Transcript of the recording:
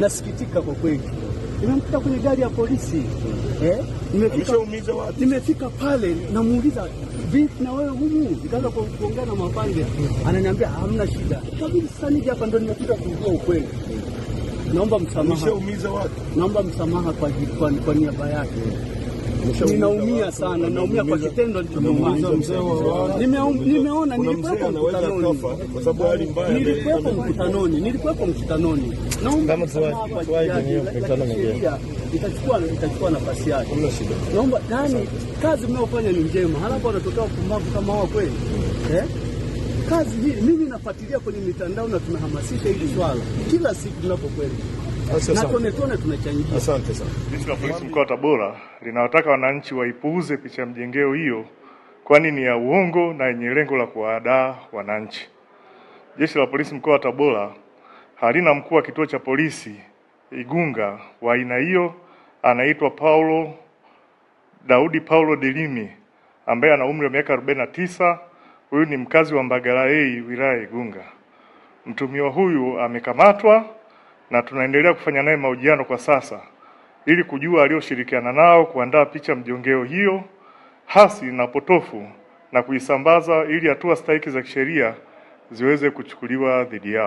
nasikitika kwa kweli. Nimemkuta kwenye gari ya polisi eh? Nimefika, nimefika pale namuuliza vipi na wewe humu, nikaanza kuongea na mapande, ananiambia hamna shida kabisa. Sasa hapa ndo nimekuja kujua ukweli. Naomba msamaha, naomba msamaha kwa, kwa niaba yake. Ninaumia sana, naumia kwa kitendo nilichofanya. Nimeona, nilikuwepo mkutanoni, nilikuwepo mkutanoni, nilikuwepo mkutanoni. Naomba itachukua itachukua nafasi yake. Naomba yani, kazi mnayofanya ni njema, halafu wanatokea wapumbavu kama wao kweli hmm. eh? Kazi hii mimi nafuatilia kwenye mitandao na tunahamasisha hili swala kila siku tunapokwenda Asante sana. Jeshi la Polisi mkoa wa Tabora linawataka wananchi waipuuze picha ya mjengeo hiyo, kwani ni ya uongo na yenye lengo la kuwahadaa wananchi. Jeshi la Polisi mkoa wa Tabora halina mkuu wa kituo cha polisi Igunga wa aina hiyo, anaitwa Paulo Daudi Paulo Delimi ambaye ana umri wa miaka 49. Huyu ni mkazi wa Mbagala A wilaya ya Igunga. Mtumiwa huyu amekamatwa na tunaendelea kufanya naye mahojiano kwa sasa ili kujua aliyoshirikiana nao kuandaa picha mjongeo hiyo hasi na potofu na kuisambaza ili hatua stahiki za kisheria ziweze kuchukuliwa dhidi yao.